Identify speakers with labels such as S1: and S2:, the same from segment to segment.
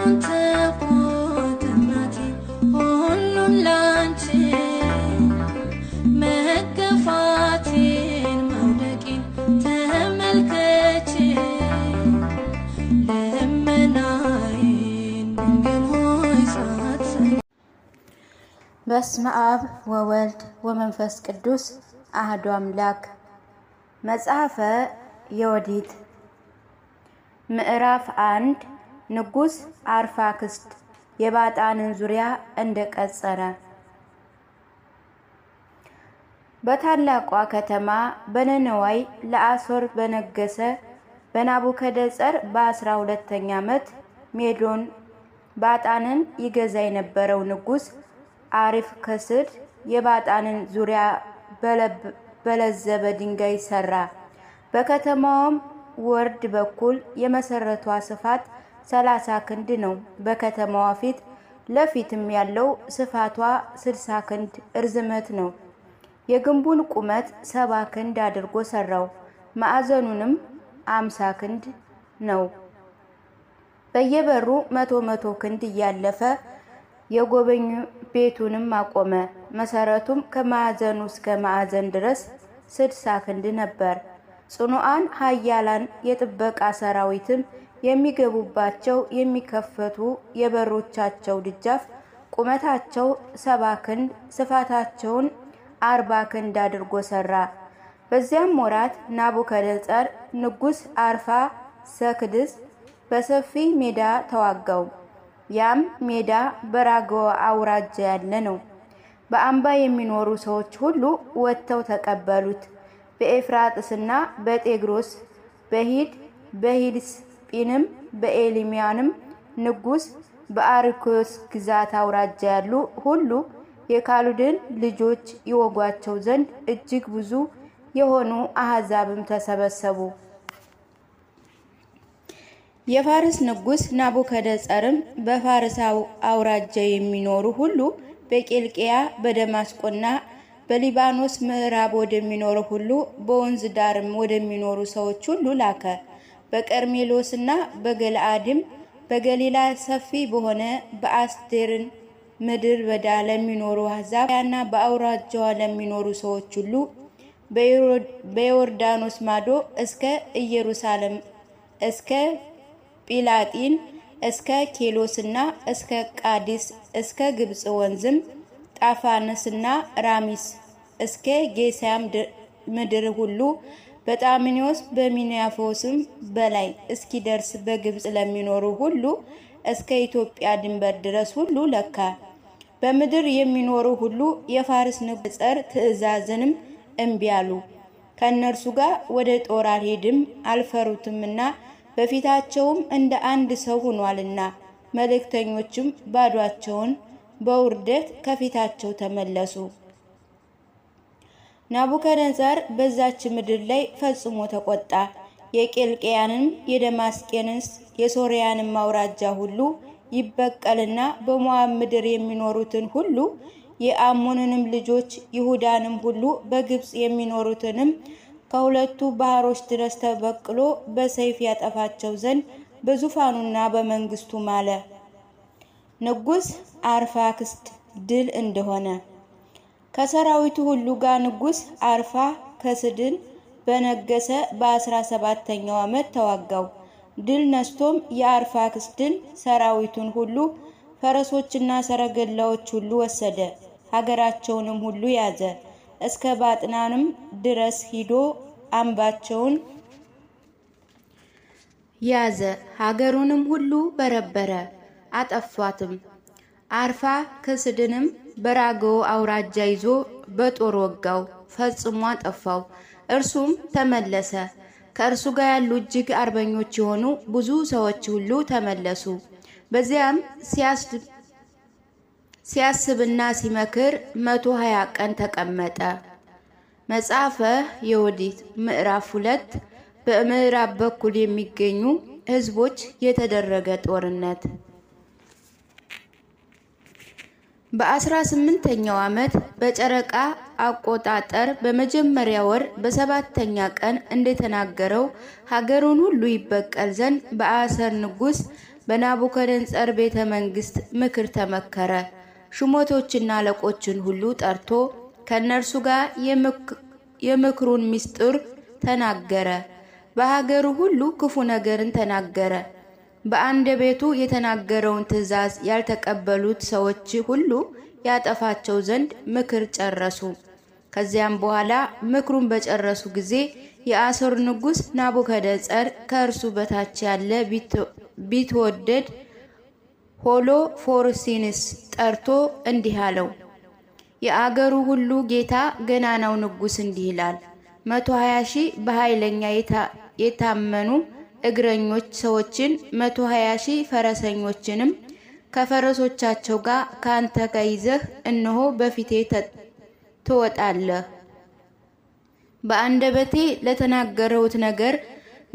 S1: ያንተ ሞት እናቴ ሁሉም ላንቺ በስመ አብ ወወልድ ወመንፈስ ቅዱስ አህዶ አምላክ መጽሐፈ ዮዲት ምዕራፍ አንድ ንጉሥ አርፋክስድ የባጣንን ዙሪያ እንደቀጸረ በታላቋ ከተማ በነነዋይ ለአሶር በነገሰ በናቡከደጸር በአስራ ሁለተኛ ዓመት ሜዶን ባጣንን ይገዛ የነበረው ንጉሥ አሪፍ ከስድ የባጣንን ዙሪያ በለዘበ ድንጋይ ሰራ። በከተማውም ወርድ በኩል የመሰረቷ ስፋት ሰላሳ ክንድ ነው። በከተማዋ ፊት ለፊትም ያለው ስፋቷ ስልሳ ክንድ እርዝመት ነው። የግንቡን ቁመት ሰባ ክንድ አድርጎ ሰራው። ማዕዘኑንም አምሳ ክንድ ነው። በየበሩ መቶ መቶ ክንድ እያለፈ የጎበኙ ቤቱንም አቆመ። መሰረቱም ከማዕዘኑ እስከ ማዕዘን ድረስ ስድሳ ክንድ ነበር። ጽኑዓን ኃያላን የጥበቃ ሰራዊትም የሚገቡባቸው የሚከፈቱ የበሮቻቸው ድጃፍ ቁመታቸው ሰባ ክንድ ስፋታቸውን አርባ ክንድ አድርጎ ሰራ። በዚያም ወራት ናቡከደጸር ንጉሥ አርፋ ሰክድስ በሰፊ ሜዳ ተዋጋው። ያም ሜዳ በራጎ አውራጃ ያለ ነው። በአምባ የሚኖሩ ሰዎች ሁሉ ወጥተው ተቀበሉት። በኤፍራጥስና በጤግሮስ በሂድ በሂድስ ጲንም በኤሊሚያንም ንጉስ በአርኮስ ግዛት አውራጃ ያሉ ሁሉ የካሉድን ልጆች ይወጓቸው ዘንድ እጅግ ብዙ የሆኑ አህዛብም ተሰበሰቡ። የፋርስ ንጉስ ናቡከደጸርም በፋርስ አውራጃ የሚኖሩ ሁሉ በቄልቅያ በደማስቆና በሊባኖስ ምዕራብ ወደሚኖሩ ሁሉ በወንዝ ዳርም ወደሚኖሩ ሰዎች ሁሉ ላከ። በቀርሜሎስና በገለአድም በገሊላ ሰፊ በሆነ በአስቴርን ምድር በዳ ለሚኖሩ አሕዛብና በአውራጃዋ ለሚኖሩ ሰዎች ሁሉ በዮርዳኖስ ማዶ እስከ ኢየሩሳሌም እስከ ጲላጢን እስከ ኬሎስና እስከ ቃዲስ እስከ ግብፅ ወንዝም ጣፋነስና ራሚስ እስከ ጌሳም ምድር ሁሉ በጣምኒዎስ በሚኒያፎስም በላይ እስኪደርስ በግብፅ ለሚኖሩ ሁሉ እስከ ኢትዮጵያ ድንበር ድረስ ሁሉ ለካ። በምድር የሚኖሩ ሁሉ የፋርስ ንጉሥ ትእዛዝንም እምቢ አሉ። ከእነርሱ ጋር ወደ ጦር አልሄድም አልፈሩትምና በፊታቸውም እንደ አንድ ሰው ሆኗልና። መልእክተኞችም ባዷቸውን በውርደት ከፊታቸው ተመለሱ። ናቡከደነጻር በዛች ምድር ላይ ፈጽሞ ተቆጣ። የቄልቅያንም የደማስቄንስ የሶርያንም አውራጃ ሁሉ ይበቀልና በሞዓብ ምድር የሚኖሩትን ሁሉ የአሞንንም ልጆች ይሁዳንም ሁሉ በግብፅ የሚኖሩትንም ከሁለቱ ባህሮች ድረስ ተበቅሎ በሰይፍ ያጠፋቸው ዘንድ በዙፋኑና በመንግስቱ ማለ። ንጉስ አርፋክስድ ድል እንደሆነ ከሰራዊቱ ሁሉ ጋር ንጉስ አርፋ ከስድን በነገሰ በአስራ ሰባተኛው ዓመት ተዋጋው። ድል ነስቶም የአርፋ ክስድን ሰራዊቱን ሁሉ ፈረሶችና ሰረገላዎች ሁሉ ወሰደ። ሀገራቸውንም ሁሉ ያዘ። እስከ ባጥናንም ድረስ ሂዶ አምባቸውን ያዘ። ሀገሩንም ሁሉ በረበረ፣ አጠፏትም። አርፋ ክስድንም በራገው አውራጃ ይዞ በጦር ወጋው፣ ፈጽሞ አጠፋው። እርሱም ተመለሰ። ከእርሱ ጋር ያሉ እጅግ አርበኞች የሆኑ ብዙ ሰዎች ሁሉ ተመለሱ። በዚያም ሲያስብና ሲመክር መቶ ሀያ ቀን ተቀመጠ። መጽሐፈ ዮዲት ምዕራፍ ሁለት በምዕራብ በኩል የሚገኙ ህዝቦች የተደረገ ጦርነት በአስራ ስምንተኛው ዓመት በጨረቃ አቆጣጠር በመጀመሪያ ወር በሰባተኛ ቀን እንደተናገረው ሀገሩን ሁሉ ይበቀል ዘንድ በአሰር ንጉሥ በናቡከደንጸር ቤተ መንግሥት ምክር ተመከረ። ሹሞቶችና አለቆችን ሁሉ ጠርቶ ከእነርሱ ጋር የምክሩን ምስጢር ተናገረ። በሀገሩ ሁሉ ክፉ ነገርን ተናገረ። በአንድ ቤቱ የተናገረውን ትእዛዝ ያልተቀበሉት ሰዎች ሁሉ ያጠፋቸው ዘንድ ምክር ጨረሱ። ከዚያም በኋላ ምክሩን በጨረሱ ጊዜ የአሦር ንጉሥ ናቡከደጸር ከእርሱ በታች ያለ ቢትወደድ ሆሎ ፎርሲንስ ጠርቶ እንዲህ አለው። የአገሩ ሁሉ ጌታ ገናናው ንጉሥ እንዲህ ይላል፣ መቶ ሀያ ሺህ በኃይለኛ የታመኑ እግረኞች ሰዎችን መቶ ሀያ ሺህ ፈረሰኞችንም ከፈረሶቻቸው ጋር ከአንተ ይዘህ እነሆ በፊቴ ትወጣለህ። በአንደበቴ ለተናገረውት ነገር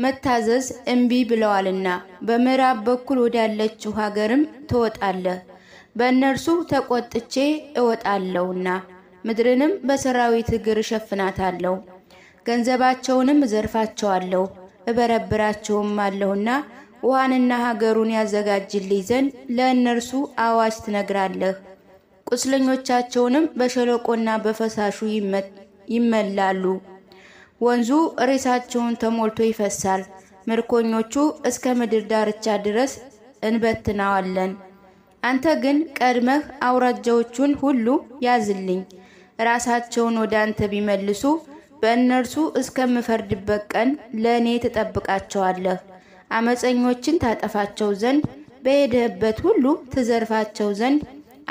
S1: መታዘዝ እምቢ ብለዋልና በምዕራብ በኩል ወዳለችው ሀገርም ትወጣለህ። በእነርሱ ተቆጥቼ እወጣለሁና ምድርንም በሰራዊት እግር እሸፍናታለሁ፣ ገንዘባቸውንም እዘርፋቸዋለሁ። እበረብራቸውም አለሁና ውሃንና ሀገሩን ያዘጋጅልኝ ዘንድ ለእነርሱ አዋጅ ትነግራለህ። ቁስለኞቻቸውንም በሸለቆና በፈሳሹ ይመላሉ። ወንዙ ሬሳቸውን ተሞልቶ ይፈሳል። ምርኮኞቹ እስከ ምድር ዳርቻ ድረስ እንበትናዋለን። አንተ ግን ቀድመህ አውራጃዎቹን ሁሉ ያዝልኝ። ራሳቸውን ወደ አንተ ቢመልሱ በእነርሱ እስከምፈርድበት ቀን ለእኔ ትጠብቃቸዋለህ። አመፀኞችን ታጠፋቸው ዘንድ በሄደህበት ሁሉ ትዘርፋቸው ዘንድ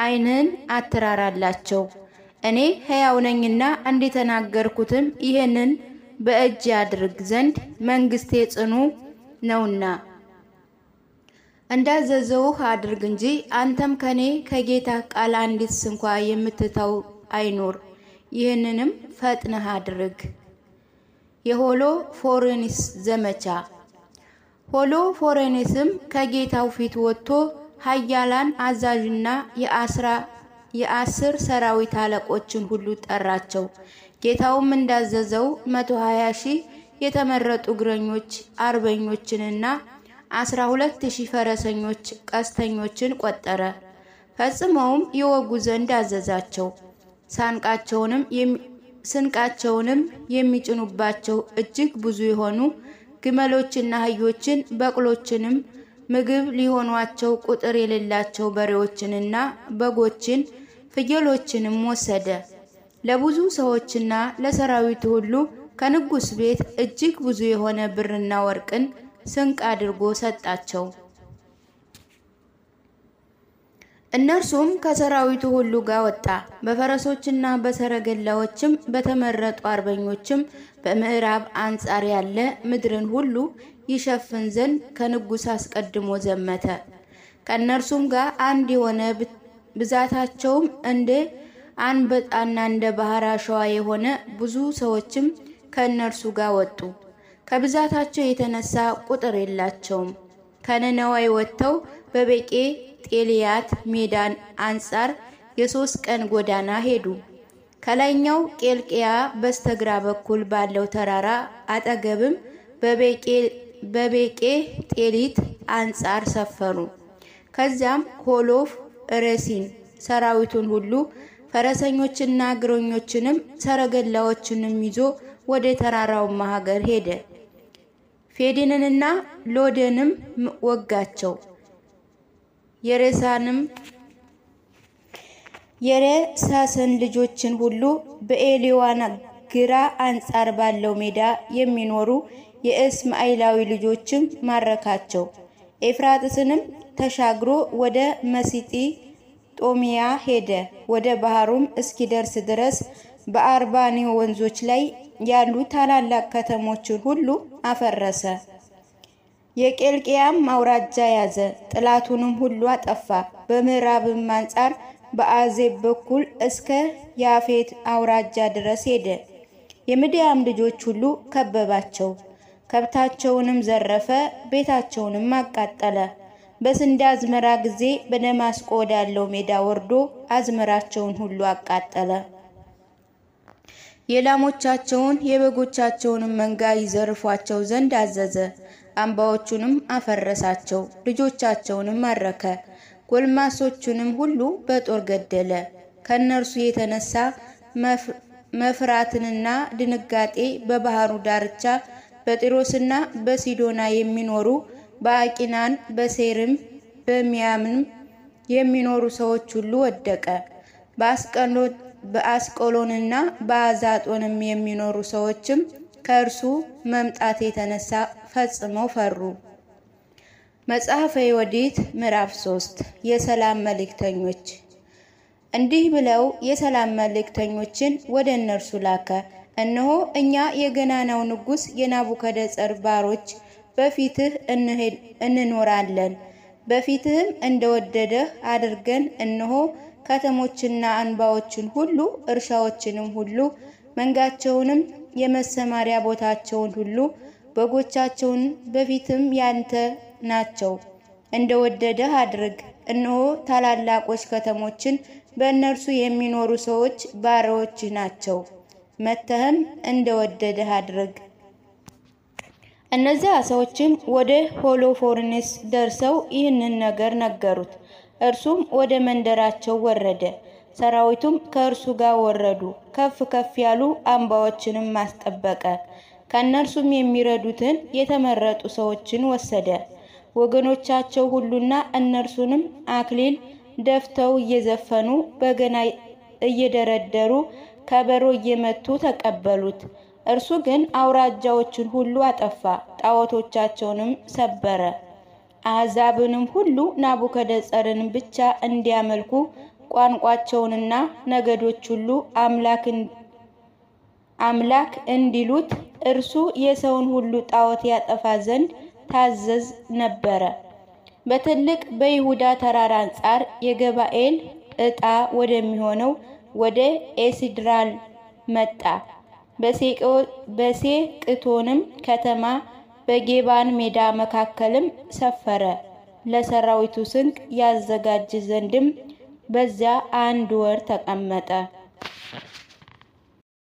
S1: ዓይንህን አትራራላቸው። እኔ ሕያው ነኝና እንደተናገርኩትም ይህንን በእጅ ያድርግ ዘንድ መንግስቴ ጽኑ ነውና እንዳዘዘውህ አድርግ እንጂ አንተም ከኔ ከጌታ ቃል አንዲት ስንኳ የምትተው አይኖር። ይህንንም ፈጥነህ አድርግ። የሆሎ ፎሬኒስ ዘመቻ ሆሎ ፎሬኒስም ከጌታው ፊት ወጥቶ ኃያላን አዛዥና የአስር ሰራዊት አለቆችን ሁሉ ጠራቸው። ጌታውም እንዳዘዘው መቶ ሀያ ሺህ የተመረጡ እግረኞች አርበኞችንና አስራ ሁለት ሺህ ፈረሰኞች ቀስተኞችን ቆጠረ። ፈጽመውም ይወጉ ዘንድ አዘዛቸው። ስንቃቸውንም የሚጭኑባቸው እጅግ ብዙ የሆኑ ግመሎችና አህዮችን በቅሎችንም ምግብ ሊሆኗቸው ቁጥር የሌላቸው በሬዎችንና በጎችን ፍየሎችንም ወሰደ። ለብዙ ሰዎችና ለሰራዊት ሁሉ ከንጉሥ ቤት እጅግ ብዙ የሆነ ብርና ወርቅን ስንቅ አድርጎ ሰጣቸው። እነርሱም ከሰራዊቱ ሁሉ ጋር ወጣ። በፈረሶችና በሰረገላዎችም በተመረጡ አርበኞችም በምዕራብ አንጻር ያለ ምድርን ሁሉ ይሸፍን ዘንድ ከንጉሥ አስቀድሞ ዘመተ። ከእነርሱም ጋር አንድ የሆነ ብዛታቸውም እንደ አንበጣና እንደ ባህር አሸዋ የሆነ ብዙ ሰዎችም ከእነርሱ ጋር ወጡ። ከብዛታቸው የተነሳ ቁጥር የላቸውም። ከነነዋይ ወጥተው በቤቄ ጤልያት ሜዳን አንጻር የሶስት ቀን ጎዳና ሄዱ። ከላይኛው ቄልቅያ በስተግራ በኩል ባለው ተራራ አጠገብም በቤቄ ጤሊት አንጻር ሰፈሩ። ከዚያም ሆሎፍ እረሲን ሰራዊቱን ሁሉ ፈረሰኞችና እግረኞችንም ሰረገላዎችንም ይዞ ወደ ተራራውማ ሀገር ሄደ። ፌዴንንና ሎደንም ወጋቸው። የሬሳንም የሬሳስን ልጆችን ሁሉ በኤሊዋና ግራ አንጻር ባለው ሜዳ የሚኖሩ የእስማኤላዊ ልጆችም ማረካቸው። ኤፍራጥስንም ተሻግሮ ወደ መሲጢ ጦሚያ ሄደ። ወደ ባህሩም እስኪደርስ ድረስ በአርባኒ ወንዞች ላይ ያሉ ታላላቅ ከተሞችን ሁሉ አፈረሰ። የቄልቅያም አውራጃ ያዘ፣ ጥላቱንም ሁሉ አጠፋ። በምዕራብም አንጻር በአዜብ በኩል እስከ ያፌት አውራጃ ድረስ ሄደ። የምድያም ልጆች ሁሉ ከበባቸው፣ ከብታቸውንም ዘረፈ፣ ቤታቸውንም አቃጠለ። በስንዴ አዝመራ ጊዜ በደማስቆ ወዳለው ሜዳ ወርዶ አዝመራቸውን ሁሉ አቃጠለ። የላሞቻቸውን የበጎቻቸውንም መንጋ ይዘርፏቸው ዘንድ አዘዘ። አምባዎቹንም አፈረሳቸው፣ ልጆቻቸውንም ማረከ። ጎልማሶቹንም ሁሉ በጦር ገደለ። ከእነርሱ የተነሳ መፍራትንና ድንጋጤ በባህሩ ዳርቻ በጢሮስና በሲዶና የሚኖሩ በአቂናን በሴርም በሚያምንም የሚኖሩ ሰዎች ሁሉ ወደቀ። በአስቀሎት በአስቆሎንና በአዛጦንም የሚኖሩ ሰዎችም ከእርሱ መምጣት የተነሳ ፈጽመው ፈሩ። መጽሐፈ ዮዲት ምዕራፍ 3 የሰላም መልእክተኞች እንዲህ ብለው የሰላም መልእክተኞችን ወደ እነርሱ ላከ። እነሆ እኛ የገናናው ንጉሥ የናቡከደጸር ባሮች በፊትህ እንኖራለን፣ በፊትህም እንደወደደህ አድርገን እነሆ ከተሞችና አንባዎችን ሁሉ እርሻዎችንም ሁሉ መንጋቸውንም የመሰማሪያ ቦታቸውን ሁሉ በጎቻቸውን በፊትም ያንተ ናቸው። እንደ ወደደህ አድርግ። እነሆ ታላላቆች ከተሞችን በእነርሱ የሚኖሩ ሰዎች ባሪያዎችህ ናቸው። መተህም እንደ ወደደህ አድርግ። እነዚያ ሰዎችም ወደ ሆሎፎርኔስ ደርሰው ይህንን ነገር ነገሩት። እርሱም ወደ መንደራቸው ወረደ። ሰራዊቱም ከእርሱ ጋር ወረዱ። ከፍ ከፍ ያሉ አምባዎችንም አስጠበቀ። ከእነርሱም የሚረዱትን የተመረጡ ሰዎችን ወሰደ። ወገኖቻቸው ሁሉና እነርሱንም አክሊል ደፍተው እየዘፈኑ በገና እየደረደሩ ከበሮ እየመቱ ተቀበሉት። እርሱ ግን አውራጃዎችን ሁሉ አጠፋ፣ ጣዖቶቻቸውንም ሰበረ። አሕዛብንም ሁሉ ናቡከደጸርን ብቻ እንዲያመልኩ ቋንቋቸውንና ነገዶች ሁሉ አምላክ እንዲሉት እርሱ የሰውን ሁሉ ጣዖት ያጠፋ ዘንድ ታዘዝ ነበረ። በትልቅ በይሁዳ ተራራ አንጻር የገባኤል ዕጣ ወደሚሆነው ወደ ኤሲድራል መጣ። በሴቅቶንም ከተማ በጌባን ሜዳ መካከልም ሰፈረ። ለሰራዊቱ ስንቅ ያዘጋጅ ዘንድም በዚያ አንድ ወር ተቀመጠ።